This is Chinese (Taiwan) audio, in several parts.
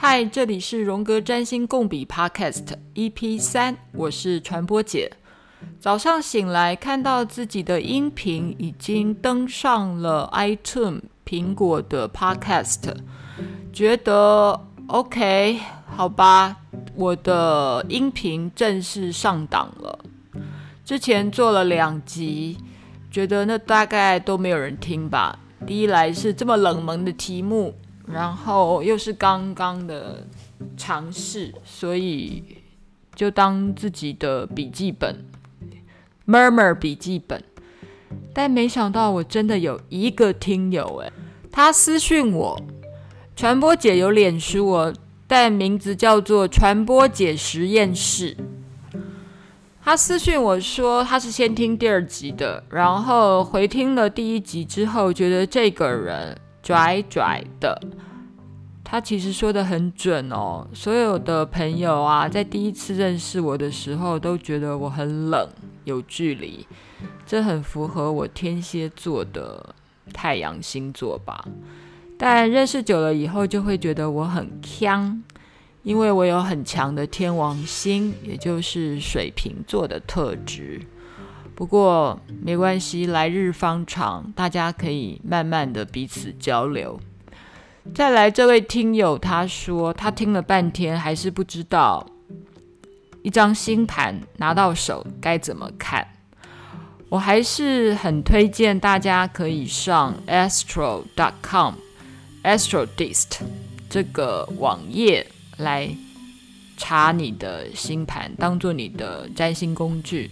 嗨，Hi, 這裡是榮格占星共筆 Podcast EP 3，我是傳播姐。早上醒來，看到自己的音頻已經登上了 iTunes 蘋果的 Podcast，覺得 OK，好吧，我的音頻正式上檔了。之前做了兩集，覺得那大概都沒有人聽吧。第一來是這麼冷門的題目。然後又是剛剛的嘗試，所以就當自己的筆記本，murmur 筆記本。但沒想到我真的有一個聽友誒，他私訊我，傳播姐有臉書我，但名字叫做傳播姐實驗室。他私訊我說他是先聽第二集的，然後回聽了第一集之後，覺得這個人。拽拽的，他其實說得很準哦。所有的朋友啊，在第一次認識我的時候，都覺得我很冷，有距離，這很符合我天蠍座的太陽星座吧。但認識久了以後，就會覺得我很鏘，因為我有很強的天王星，也就是水瓶座的特質。不過沒關係，來日方長，大家可以慢慢的彼此交流。再來這位聽友，他說他聽了半天還是不知道一張星盤拿到手該怎麼看。我還是很推薦大家可以上 astro.com，Astrodist 這個網頁來查你的星盤，當做你的占星工具。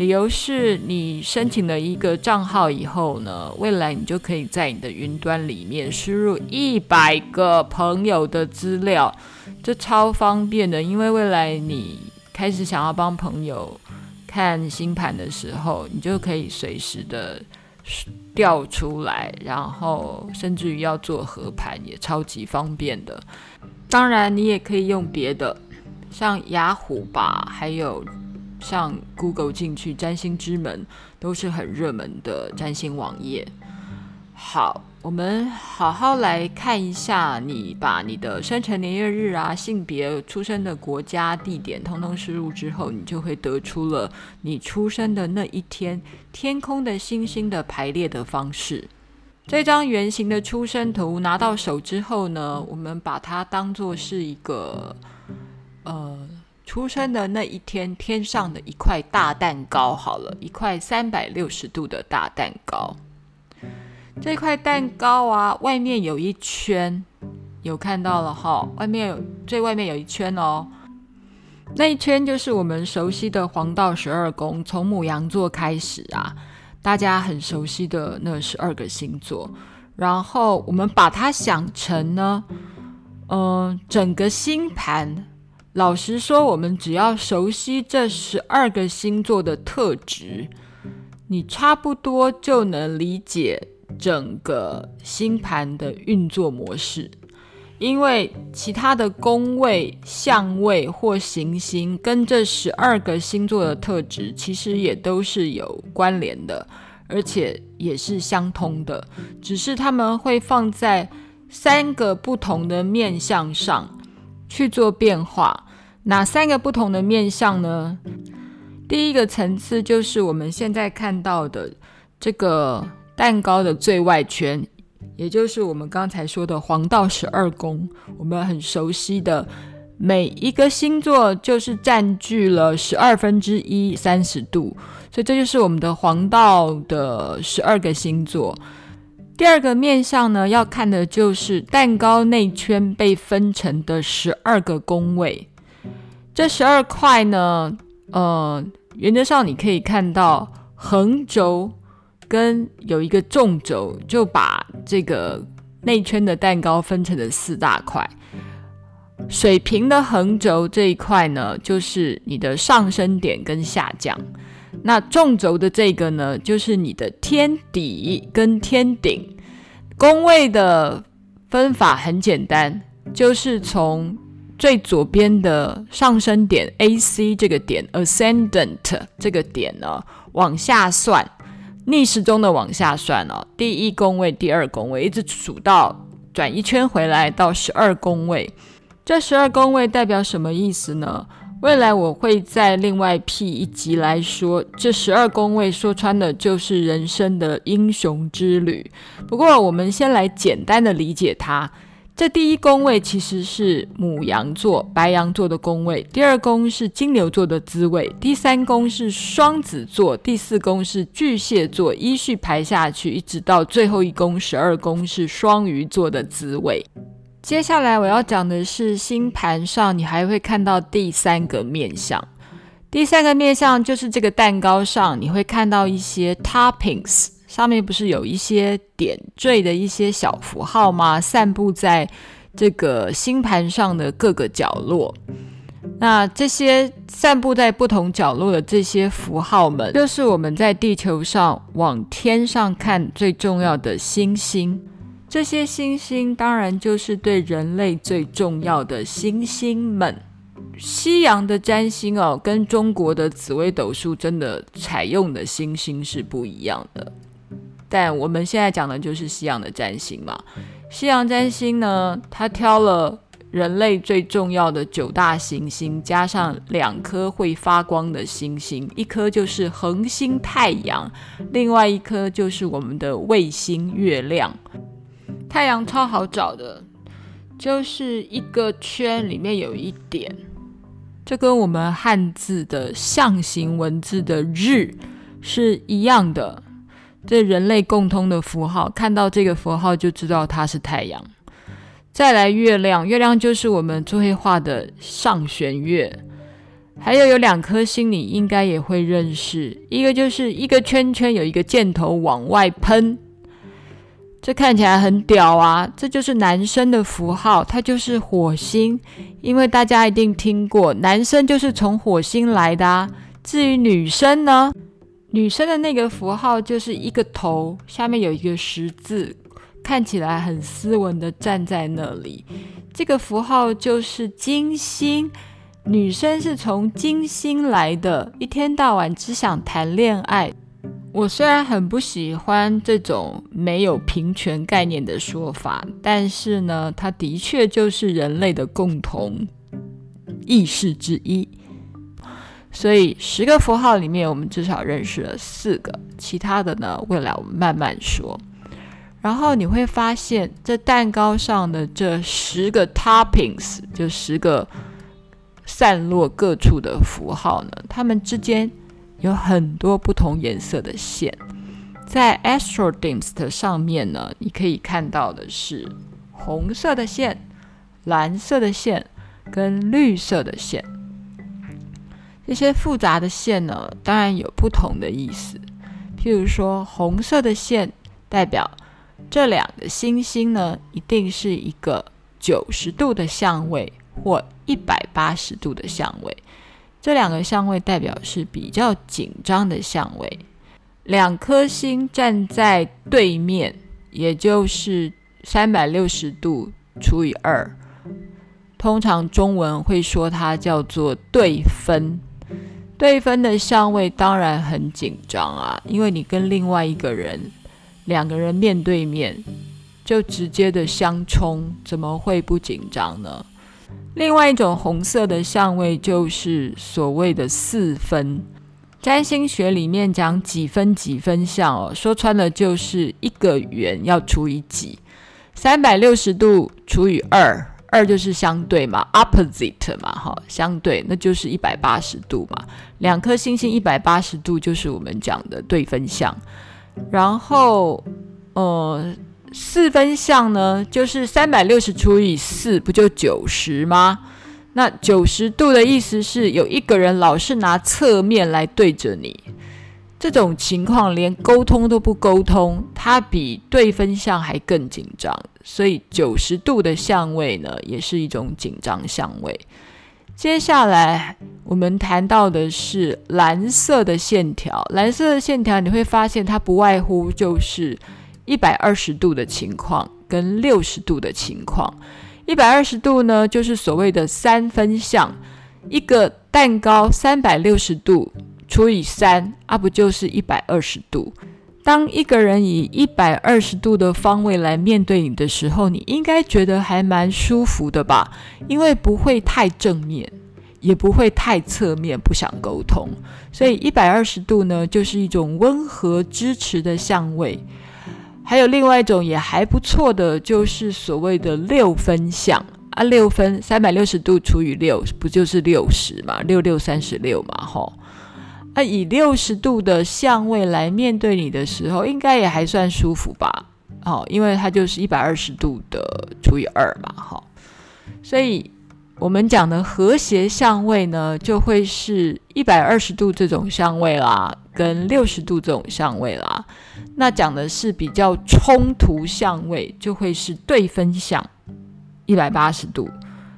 理由是你申請了一個賬號以後呢，未來你就可以在你的雲端裡面輸入一百個朋友的資料，這超方便的。因為未來你開始想要幫朋友看星盤的時候，你就可以隨時的調出來，然後甚至於要做合盤也超級方便的。當然，你也可以用別的，像雅虎吧，還有，像 Google 進去占星之門，都是很熱門的占星網頁。好，我們好好來看一下，你把你的生辰年月日啊、性別、出生的國家、地點，通通輸入之後，你就會得出了你出生的那一天天空的星星的排列的方式。這張圓形的出生圖拿到手之後呢，我們把它當做是一個，呃。出生的那一天，天上的一塊大蛋糕，好了，一塊三百六十度的大蛋糕。這塊蛋糕啊，外面有一圈，有看到了哈，外面有最外面有一圈哦。那一圈就是我們熟悉的黃道十二宮，從牡羊座開始啊，大家很熟悉的那十二個星座。然後我們把它想成呢，嗯、呃，整個星盤。老實說，我們只要熟悉這十二個星座的特質，你差不多就能理解整個星盤的運作模式。因為其他的宮位、相位或行星跟這十二個星座的特質其實也都是有關聯的，而且也是相通的，只是他們會放在三個不同的面向上。去做變化，哪三個不同的面向呢？第一個層次就是我們現在看到的這個蛋糕的最外圈，也就是我們剛才說的黃道十二宮，我們很熟悉的每一個星座就是占據了十二分之一三十度，所以這就是我們的黃道的十二個星座。第二個面向呢，要看的就是蛋糕內圈被分成的十二個宮位。這十二塊呢，呃，原則上你可以看到橫軸跟有一個縱軸，就把這個內圈的蛋糕分成了四大塊。水平的橫軸這一塊呢，就是你的上升點跟下降。那縱軸的這個呢，就是你的天底跟天頂。宮位的分法很簡單，就是從最左邊的上升點 AC 這個點，Ascendant 這個點呢、喔，往下算，逆時鐘的往下算哦、喔。第一宮位、第二宮位，一直數到轉一圈回來，到十二宮位。這十二宮位代表什麼意思呢？未來我會在另外闢一集來說，這十二宮位說穿了就是人生的英雄之旅。不過我們先來簡單的理解它，這第一宮位其實是牡羊座、白羊座的宮位，第二宮是金牛座的滋味；第三宮是雙子座，第四宮是巨蟹座，依序排下去，一直到最後一宮，十二宮是雙魚座的滋味。接下來我要講的是星盤上，你還會看到第三個面向。第三個面向就是這個蛋糕上，你會看到一些 toppings，上面不是有一些點綴的一些小符號嗎？散布在這個星盤上的各個角落。那這些散布在不同角落的這些符號們，就是我們在地球上往天上看最重要的星星。這些星星當然就是對人類最重要的星星們。西洋的占星哦，跟中國的紫微斗數真的採用的星星是不一樣的。但我們現在講的就是西洋的占星嘛。西洋占星呢，它挑了人類最重要的九大行星，加上兩顆會發光的星星，一顆就是恆星太陽，另外一顆就是我們的衛星月亮。太陽超好找的，就是一個圈裡面有一點，這跟我們漢字的象形文字的“日”是一樣的，這人類共通的符號，看到這個符號就知道它是太陽。再來月亮，月亮就是我們最會畫的上弦月，還有有兩顆星，你應該也會認識，一個就是一個圈圈，有一個箭頭往外噴。這看起來很屌啊！這就是男生的符號，它就是火星，因為大家一定聽過，男生就是從火星來的啊。至於女生呢？女生的那個符號就是一個頭，下面有一個十字，看起來很斯文的站在那裡。這個符號就是金星，女生是從金星來的，一天到晚只想談戀愛。我雖然很不喜歡這種沒有平權概念的說法，但是呢，它的確就是人類的共同意識之一。所以，十個符號裡面，我們至少認識了四個，其他的呢，未來我們慢慢說。然後你會發現，這蛋糕上的這十個 toppings，就十個散落各處的符號呢，它們之間有很多不同顏色的線，在 Astrodienst 上面呢，你可以看到的是紅色的線、藍色的線跟綠色的線。這些複雜的線呢，當然有不同的意思。譬如說，紅色的線代表這兩個星星呢，一定是一個九十度的相位或一百八十度的相位。這兩個相位代表是比較緊張的相位，兩顆星站在對面，也就是三百六十度除以二，通常中文會說它叫做對分。對分的相位當然很緊張啊，因為你跟另外一個人，兩個人面對面，就直接的相衝，怎麼會不緊張呢？另外一種紅色的相位就是所謂的四分。占星學裡面講幾分幾分相哦，說穿了就是一個圓要除以幾，三百六十度除以二，二就是相對嘛，opposite 嘛，哈，相對，那就是一百八十度嘛。兩顆星星一百八十度就是我們講的對分相。然後，呃。四分相呢，就是三百六十除以四，不就九十嗎？那九十度的意思是有一個人老是拿側面來對着你，這種情況連溝通都不溝通，他比對分相還更緊張，所以九十度的相位呢，也是一種緊張相位。接下來我們談到的是藍色的線條，藍色的線條你會發現它不外乎就是。一百二十度的情況跟六十度的情況，一百二十度呢，就是所謂的三分相。一個蛋糕三百六十度除以三啊，不就是一百二十度？當一個人以一百二十度的方位來面對你的時候，你應該覺得還蠻舒服的吧？因為不會太正面，也不會太側面，不想溝通。所以一百二十度呢，就是一種溫和支持的相位。還有另外一種也還不錯的，就是所謂的六分相啊，六分三百六十度除以六，不就是六十嘛？六六三十六嘛，吼。那、啊、以六十度的相位來面對你的時候，應該也還算舒服吧？哦，因為它就是一百二十度的除以二嘛，哈。所以我們講的和諧相位呢，就會是一百二十度這種相位啦。跟六十度這種相位啦，那講的是比較衝突相位，就會是對分相，一百八十度，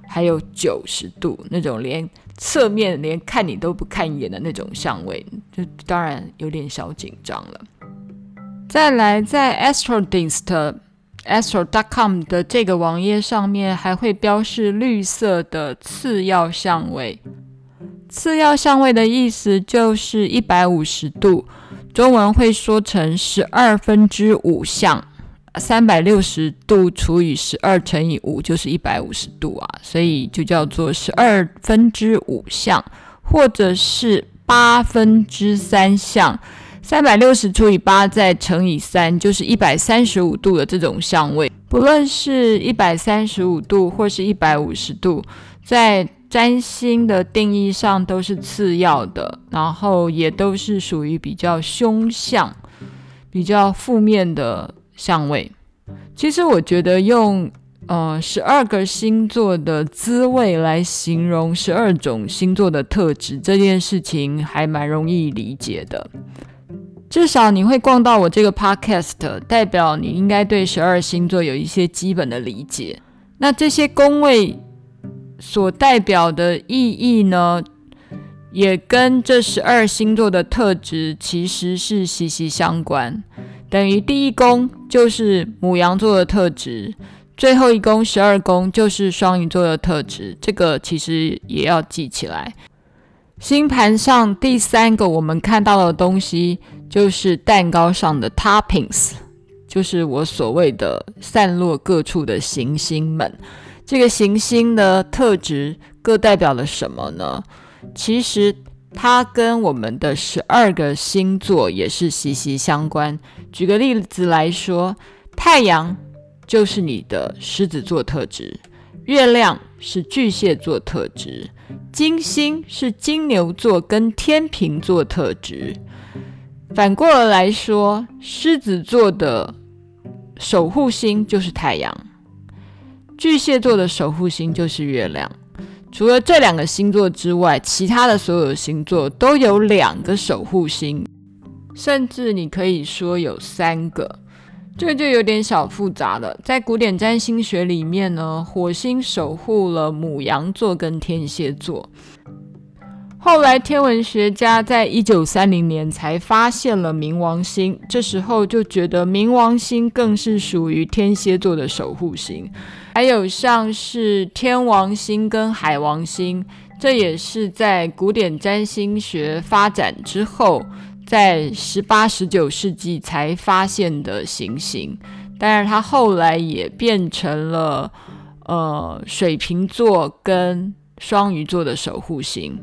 還有九十度那種連側面連看你都不看一眼的那種相位，就當然有點小緊張了。再來，在 Astrodienst、Astro.com 的這個網頁上面，還會標示綠色的次要相位。次要相位的意思就是一百五十度，中文會說成十二分之五相，三百六十度除以十二乘以五就是一百五十度啊，所以就叫做十二分之五相，或者是八分之三相，三百六十除以八再乘以三就是一百三十五度的這種相位，不論是一百三十五度或是一百五十度，在。占星的定義上都是次要的，然後也都是屬於比較兇相、比較負面的相位。其實我覺得用呃十二個星座的滋味來形容十二種星座的特質，這件事情還蠻容易理解的。至少你會逛到我這個 podcast，代表你應該對十二星座有一些基本的理解。那這些宮位。所代表的意義呢，也跟這十二星座的特質其實是息息相關。等於第一宮就是牡羊座的特質，最後一宮十二宮就是雙魚座的特質。這個其實也要記起來。星盤上第三個我們看到的東西，就是蛋糕上的 toppings，就是我所謂的散落各處的行星們。這個行星的特質各代表了什麼呢？其實它跟我們的十二個星座也是息息相關。舉個例子來說，太陽就是你的獅子座特質，月亮是巨蟹座特質，金星是金牛座跟天秤座特質。反過來說，獅子座的守護星就是太陽。巨蟹座的守護星就是月亮。除了這兩個星座之外，其他的所有的星座都有兩個守護星，甚至你可以說有三個，這就有點小複雜了。在古典占星學裡面呢，火星守護了牡羊座跟天蠍座。後來天文學家在一九三零年才發現了冥王星，這時候就覺得冥王星更是屬於天蠍座的守護星。還有像是天王星跟海王星，這也是在古典占星學發展之後，在十八、十九世紀才發現的行星。但是它後來也變成了，呃，水瓶座跟雙魚座的守護星。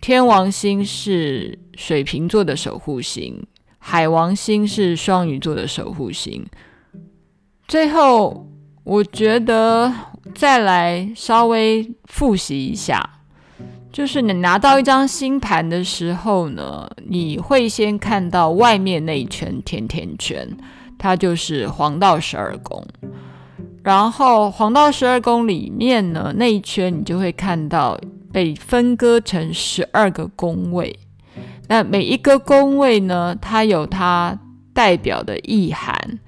天王星是水瓶座的守護星，海王星是雙魚座的守護星。最後。我覺得再來稍微複習一下，就是你拿到一張星盤的時候呢，你會先看到外面那一圈甜甜圈，它就是黃道十二宮。然後黃道十二宮裡面呢，那一圈你就會看到被分割成十二個宮位。那每一個宮位呢，它有它代表的意涵。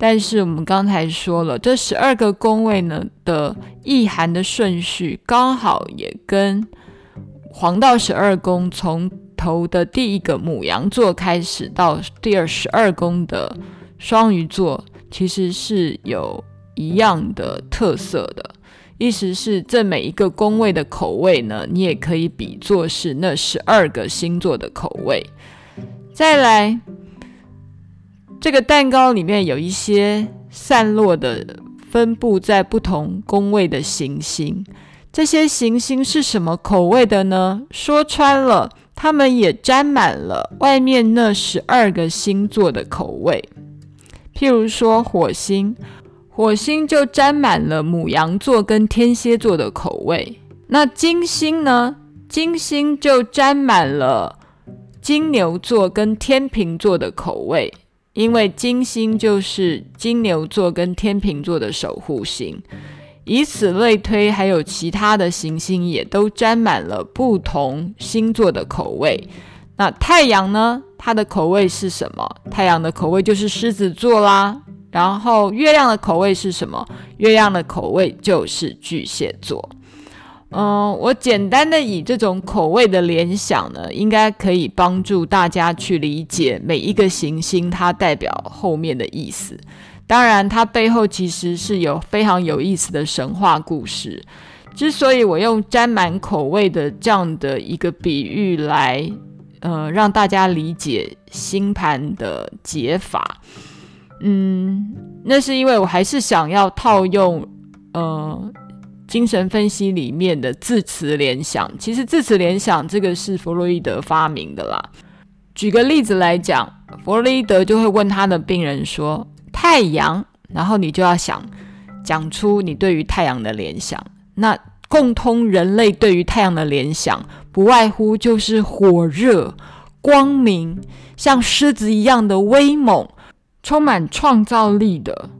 但是我們剛才說了，這十二個宮位呢的意涵的順序，剛好也跟黃道十二宮從頭的第一個牡羊座開始到第二十二宮的雙魚座，其實是有一樣的特色的。意思是，這每一個宮位的口味呢，你也可以比作是那十二個星座的口味。再來。這個蛋糕裡面有一些散落的、分布在不同宮位的行星。這些行星是什麼口味的呢？說穿了，它們也沾滿了外面那十二個星座的口味。譬如說，火星，火星就沾滿了牡羊座跟天蠍座的口味。那金星呢？金星就沾滿了金牛座跟天秤座的口味。因為金星就是金牛座跟天秤座的守護星，以此類推，還有其他的行星也都沾滿了不同星座的口味。那太陽呢？它的口味是什麼？太陽的口味就是獅子座啦。然後月亮的口味是什麼？月亮的口味就是巨蟹座。嗯，我簡單的以這種口味的聯想呢，應該可以幫助大家去理解每一個行星它代表後面的意思。當然，它背後其實是有非常有意思的神話故事。之所以我用沾滿口味的這樣的一個比喻來，呃，讓大家理解星盤的解法，嗯，那是因為我還是想要套用，呃。精神分析裡面的字詞聯想，其實字詞聯想這個是弗洛伊德發明的啦。舉個例子來講，弗洛伊德就會問他的病人說：“太陽”，然後你就要想講出你對於太陽的聯想。那共通人類對於太陽的聯想，不外乎就是火熱、光明、像獅子一樣的威猛、充滿創造力的、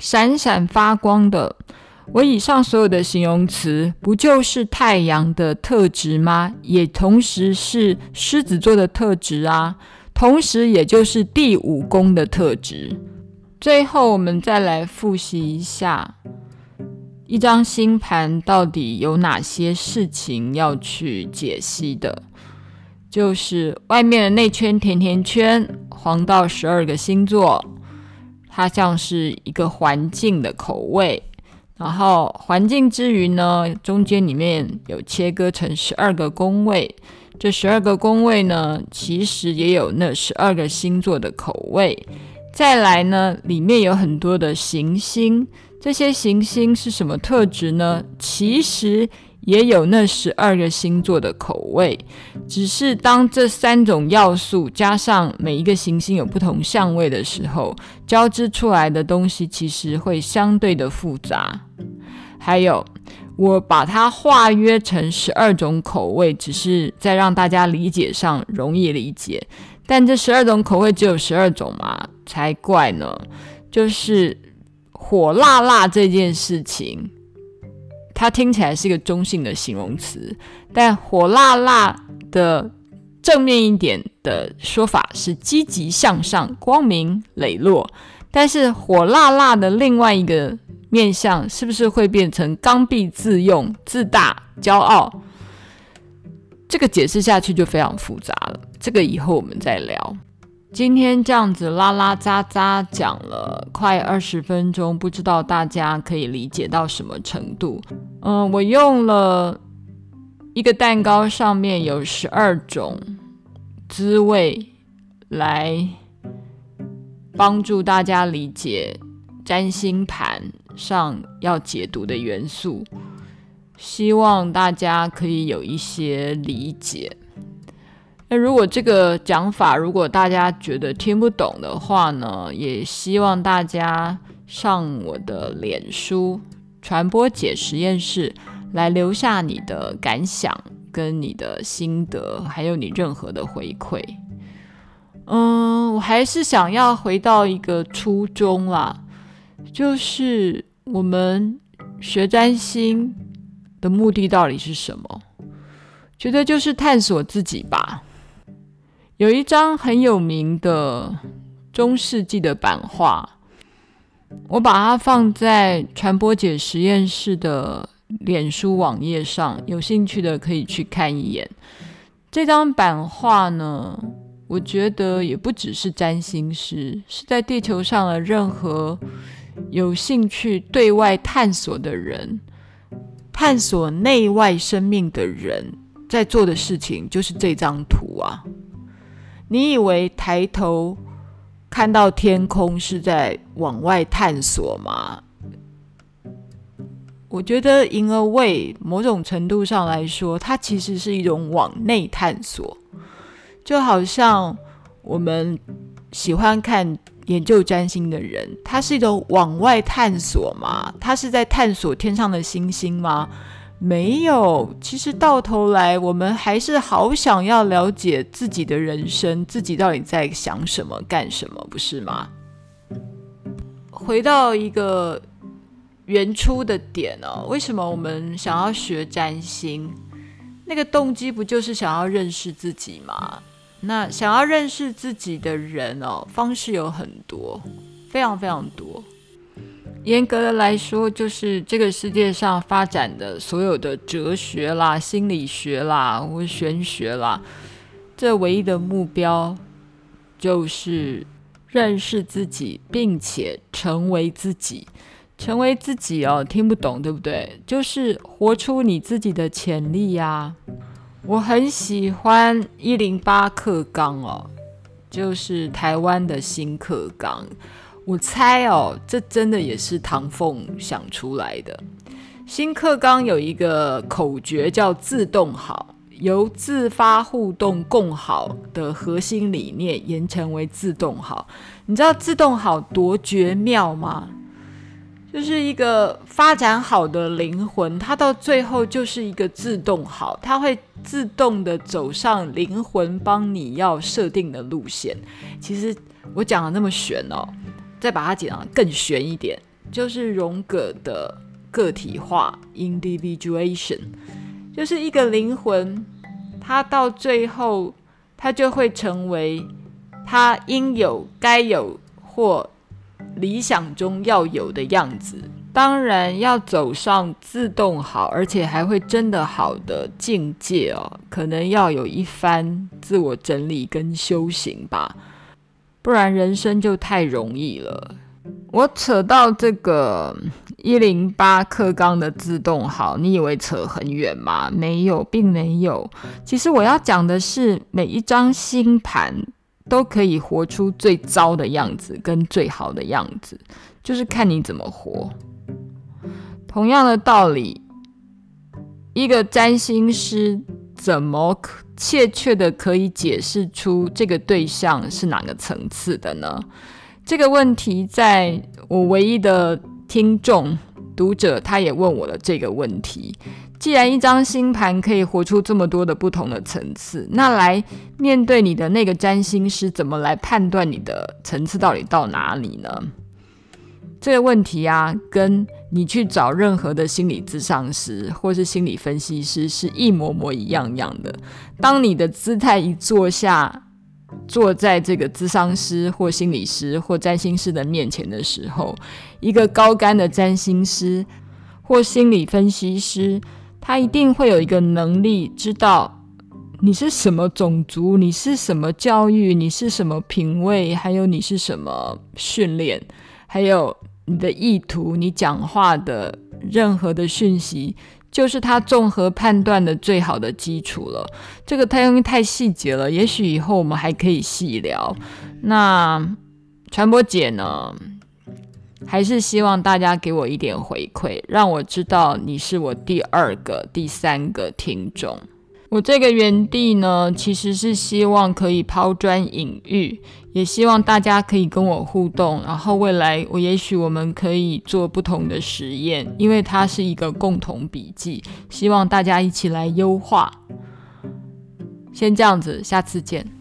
閃閃發光的。我以上所有的形容詞，不就是太陽的特質嗎？也同時是獅子座的特質啊，同時也就是第五宮的特質。最後，我們再來複習一下，一張星盤到底有哪些事情要去解析的？就是外面的那圈甜甜圈，黃道十二個星座，它像是一個環境的口味。然後環境之餘呢，中間裡面有切割成十二個宮位，這十二個宮位呢，其實也有那十二個星座的口味。再來呢，裡面有很多的行星，這些行星是什麼特質呢？其實。也有那十二個星座的口味，只是當這三種要素加上每一個行星有不同相位的時候，交織出來的東西其實會相對的複雜。還有，我把它化約成十二種口味，只是在讓大家理解上容易理解。但這十二種口味只有十二種嗎？才怪呢！就是火辣辣這件事情。它聽起來是一個中性的形容詞，但火辣辣的正面一點的說法是積極向上、光明磊落。但是火辣辣的另外一個面相，是不是會變成剛愎自用、自大、驕傲？這個解釋下去就非常複雜了。這個以後我們再聊。今天這樣子拉拉雜雜講了快二十分鐘，不知道大家可以理解到什麼程度。嗯，我用了一個蛋糕上面有十二種滋味來幫助大家理解占星盤上要解讀的元素，希望大家可以有一些理解。那如果這個講法，如果大家覺得聽不懂的話呢，也希望大家上我的臉書“傳播姐實驗室”來留下你的感想、跟你的心得，還有你任何的回饋。嗯，我還是想要回到一個初衷啦，就是我們學占星的目的到底是什麼？覺得就是探索自己吧。有一張很有名的中世紀的版畫，我把它放在傳播姐實驗室的臉書網頁上，有興趣的可以去看一眼。這張版畫呢，我覺得也不只是占星師，是在地球上的任何有興趣對外探索的人、探索內外生命的人，在做的事情，就是這張圖啊。你以為抬頭看到天空是在往外探索嗎？我覺得 in a way，某種程度上來說，它其實是一種往內探索。就好像我們喜歡看研究占星的人，他是一種往外探索嗎？他是在探索天上的星星嗎？沒有，其實到頭來，我們還是好想要了解自己的人生，自己到底在想什麼、幹什麼，不是嗎？回到一個原初的點哦，為什麼我們想要學占星？那個動機不就是想要認識自己嗎？那想要認識自己的人哦，方式有很多，非常非常多。嚴格的來說，就是這個世界上發展的所有的哲學啦、心理學啦、或玄學啦，這唯一的目標就是認識自己，並且成為自己。成為自己哦，聽不懂對不對？就是活出你自己的潛力呀、啊。我很喜歡一零八課綱哦，就是台灣的新課綱。我猜哦，這真的也是唐鳳想出來的。新課綱有一個口訣叫“自動好”，由自發互動共好的核心理念延成為“自動好”。你知道“自動好”多絕妙嗎？就是一個發展好的靈魂，它到最後就是一個自動好，它會自動的走上靈魂幫你要設定的路線。其實我講的那麼玄哦。再把它講得更玄一點，就是榮格的個體化 （individuation），就是一個靈魂，它到最後，它就會成為它應有、該有或理想中要有的樣子。當然，要走上自動好，而且還會真的好的境界哦，可能要有一番自我整理跟修行吧。不然人生就太容易了。我扯到這個一零八課綱的自動好，你以為扯很遠嗎？沒有，並沒有。其實我要講的是，每一張星盤都可以活出最糟的樣子跟最好的樣子，就是看你怎麼活。同樣的道理，一個占星師。怎麼可確切的可以解釋出這個對象是哪個層次的呢？這個問題在我唯一的聽眾讀者，他也問我的這個問題。既然一張星盤可以活出這麼多的不同的層次，那來面對你的那個占星師怎麼來判斷你的層次到底到哪裡呢？這個問題啊，跟你去找任何的心理諮商師或是心理分析師是一模模一樣樣的。當你的姿態一坐下，坐在這個諮商師或心理師或占星師的面前的時候，一個高竿的占星師或心理分析師，他一定會有一個能力知道你是什麼種族，你是什麼教育，你是什麼品味，還有你是什麼訓練，還有。你的意圖，你講話的任何的訊息，就是他綜合判斷的最好的基礎了。這個太容易，太細節了，也許以後我們還可以細聊。那傳播姐呢，還是希望大家給我一點回饋，讓我知道你是我第二個、第三個聽眾。我這個園地呢，其實是希望可以拋磚引玉，也希望大家可以跟我互動，然後未來我也許我們可以做不同的實驗，因為它是一個共同筆記，希望大家一起來優化。先這樣子，下次見。